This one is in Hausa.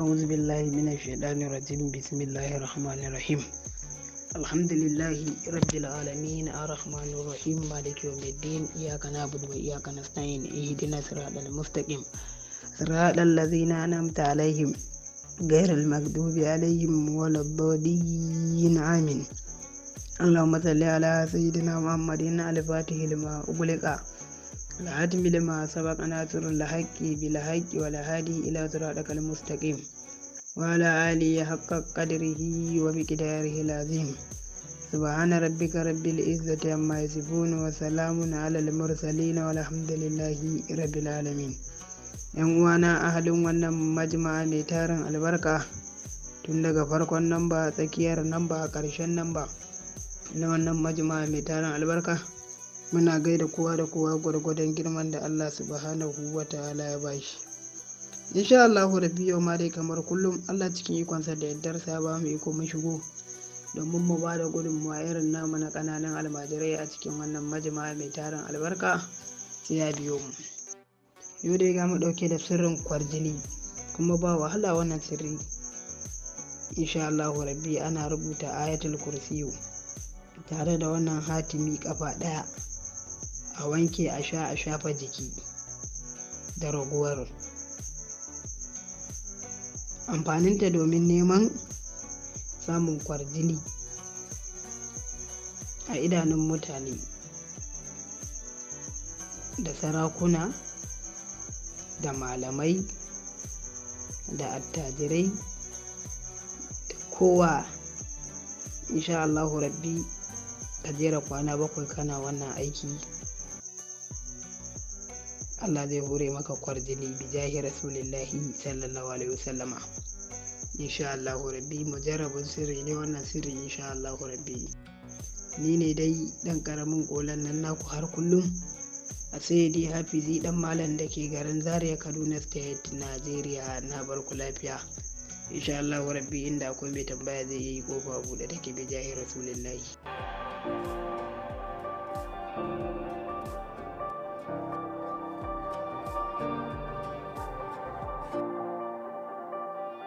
أعوذ بالله من الشيطان الرجيم بسم الله الرحمن الرحيم الحمد لله رب العالمين الرحمن الرحيم مالك يوم الدين إياك نعبد وإياك نستعين اهدنا صراط المستقيم صراط الذين أنعمت عليهم غير المغضوب عليهم ولا الضالين آمين اللهم صل على سيدنا محمد الفاتح لما أغلق العدم لما سبق ناصر الحق بالحق والهادي إلى صراطك المستقيم وعلى آله حق قدره ومقداره العظيم سبحان ربك رب العزة عما يصفون وسلام على المرسلين والحمد لله رب العالمين ان وانا اهل wannan مجمع mai tarin albarka tun daga farkon namba tsakiyar namba ƙarshen namba na wannan majma'a mai tarin albarka. muna gaida kowa da kowa gwargwadon girman da Allah subhanahu wa ta'ala ya bashi insha Allah rabbi yau ma dai kamar kullum Allah cikin ikonsa da sa ba mu iko mu shigo domin mu ba da gudunmuwa irin namu na kananan almajirai a cikin wannan majima mai tarin albarka sai ya biyo mu yau dai ga mu dauke da sirrin kwarjini kuma ba wahala wannan sirri insha Allah rabbi ana rubuta ayatul kursiyu tare da wannan hatimi kafa daya. a wanke a sha a shafa jiki da raguwar amfaninta domin neman samun kwarjini a idanun mutane da sarakuna da malamai da attajirai da kowa insha Allahu rabbi ka jera kwana bakwai kana wannan aiki Allah zai hore maka kwarjini bi jahi rasulillahi sallallahu alaihi wasallama insha Allah rabbi mujarrabin sirri ne wannan sirri insha Allah rabbi ni ne dai dan karamin kolan nan naku har kullum a sayyidi hafizi dan malam da ke garin zaria kaduna state nigeria na barku lafiya insha Allah rabbi inda akwai mai tambaya zai yi kofa buɗe take bi jahi rasulillahi